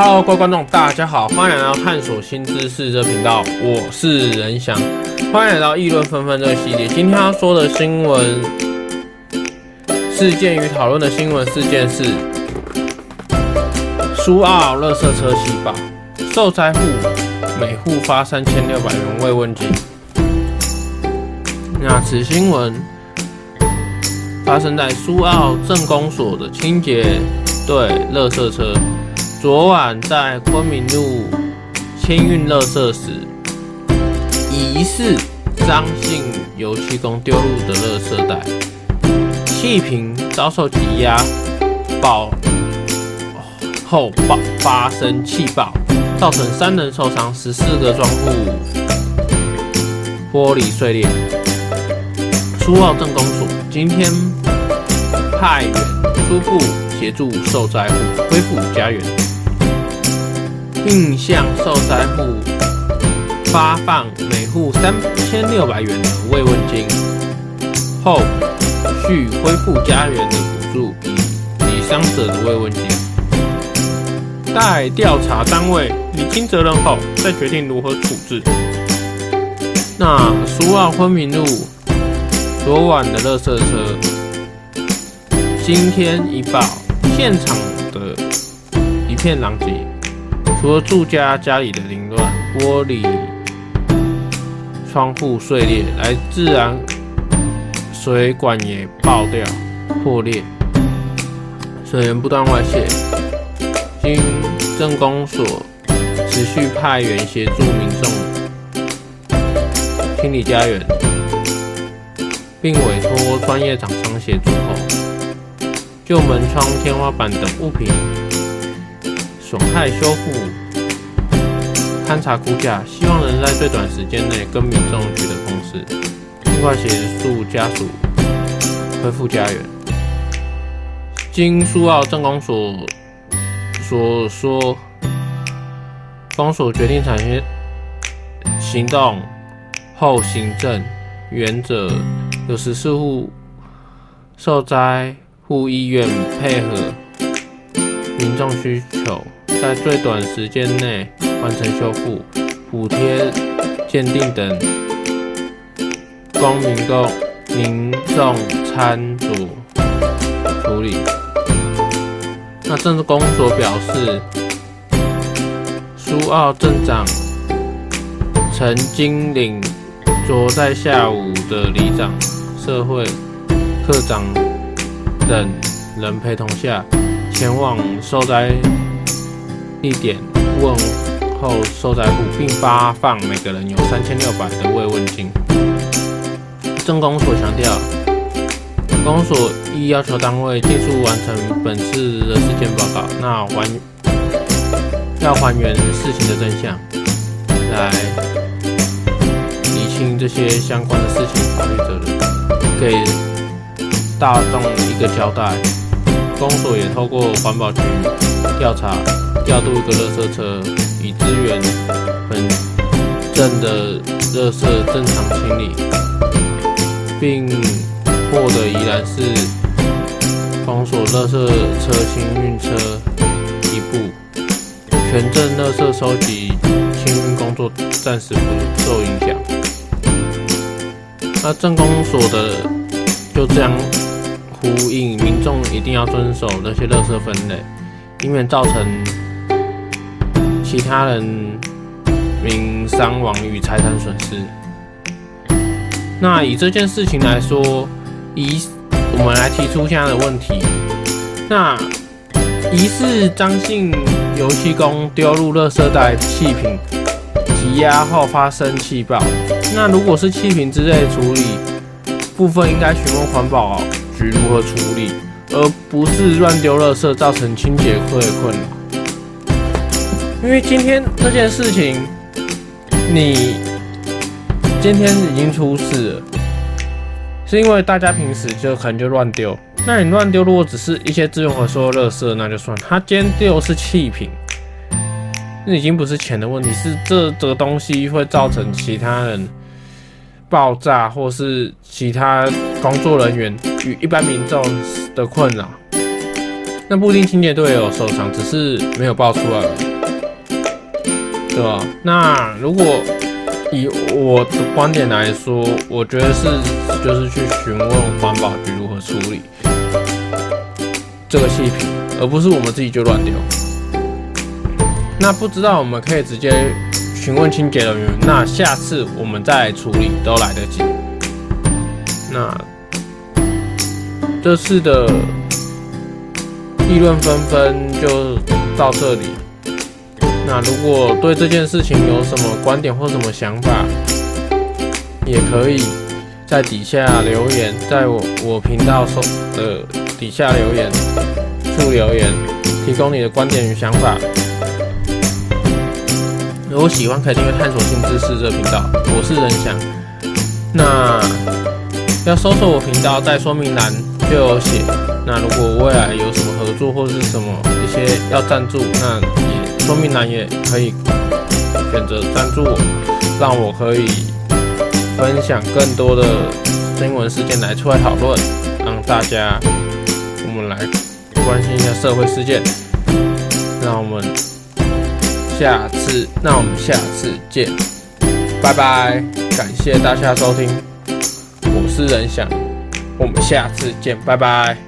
哈嘍，各位觀眾，大家好，歡迎來到探索新知識這頻道，我是仁翔，歡迎來到議論紛紛這個系列。今天要說的新聞事件與討論的新聞事件是蘇澳垃圾車氣爆，受災戶每戶發三千六百元慰問金。那此新聞發生在蘇澳鎮公所的清潔隊垃圾車。昨晚在昆明路清運垃圾時，疑似張姓油漆工丟入的垃圾袋氣瓶遭受擠壓爆後爆發生氣爆，造成三人受傷，十四個窗戶玻璃碎裂。蘇澳鎮公所，今天派員初步。協助受災戶恢復家園，並向受災戶發放每戶三千六百元的慰問金，後續恢復家園的補助及傷者的慰問金。待調查單位理清責任後，再決定如何處置。那蘇澳昆明路昨晚的垃圾車，今天已爆。現場的一片狼藉，除了住家家裡的凌亂，玻璃窗戶碎裂，來自然水管也爆掉破裂，水源不斷外洩。經政工所持續派員協助民眾清理家園，並委託專業廠商協助後。舊門窗、天花板等物品損害修復、勘察估價，希望能在最短時間內跟民政局的公司，儘快協助家屬恢復家園。經蘇澳鎮公所所說，公所決定採取行動後，行政原則有十四戶受災。護醫院配合民眾需求，在最短時間內完成修復、補貼、鑑定等公民眾、公民眾參組處理。那政治公所表示，蘇澳鎮長陳經領昨在下午的里長、社會科長。等人陪同下，前往受災地點問候受災戶，並發放每個人有三千六百的慰問金。鎮公所強調，公所一要求單位借助完成本次的事件報告，那要還要還原事情的真相，來理清這些相關的事情法律責任，給。大眾的一個交代，公所也透過環保局調查，調度一個垃圾車以支援本鎮的垃圾正常清理，並獲得宜蘭市公所垃圾車清運車一部，全鎮垃圾收集清運工作暫時不受影響。那鎮公所的就這樣呼應民眾一定要遵守那些垃圾分類，以免造成其他人民傷亡與財產損失。那以這件事情來說，一我們來提出現在的問題。那疑似張姓油漆工丟入垃圾袋氣瓶，擠壓後發生氣爆。那如果是氣瓶之類的處理？部分應該詢問環保局如何處理，而不是亂丟垃圾造成清潔會困擾。因為今天這件事情，你今天已經出事了，是因為大家平時就可能就亂丟。那你亂丟，如果只是一些資源回收垃圾，那就算了。他今天丟的是氣瓶，那已經不是錢的問題，是這這個東西會造成其他人。爆炸，或是其他工作人員與一般民眾的困擾，那布丁清潔隊也有受傷，只是沒有爆出來而已，對吧、啊？那如果以我的觀點來說，我覺得是就是去詢問環保局如何處理這個細品，而不是我們自己就亂丟。那不知道我們可以直接。請問清潔人員，那下次我們再處理都來得及。那這次的議論紛紛就到這裡。那如果對這件事情有什麼觀點或什麼想法，也可以在底下留言，在我我頻道的底下留言處留言，提供你的觀點與想法。如果喜歡，可以訂閱《探索新知識》這個頻道。我是仁翔，那要搜索我頻道，在說明欄就有寫。那如果未來有什麼合作或是什麼一些要贊助，那說明欄也可以選擇贊助我，讓我可以分享更多的新聞事件來出來討論，讓大家我們來關心一下社會事件，讓我們。下次，那我們下次見，拜拜！感謝大家收聽，我是仁翔，我們下次見，拜拜。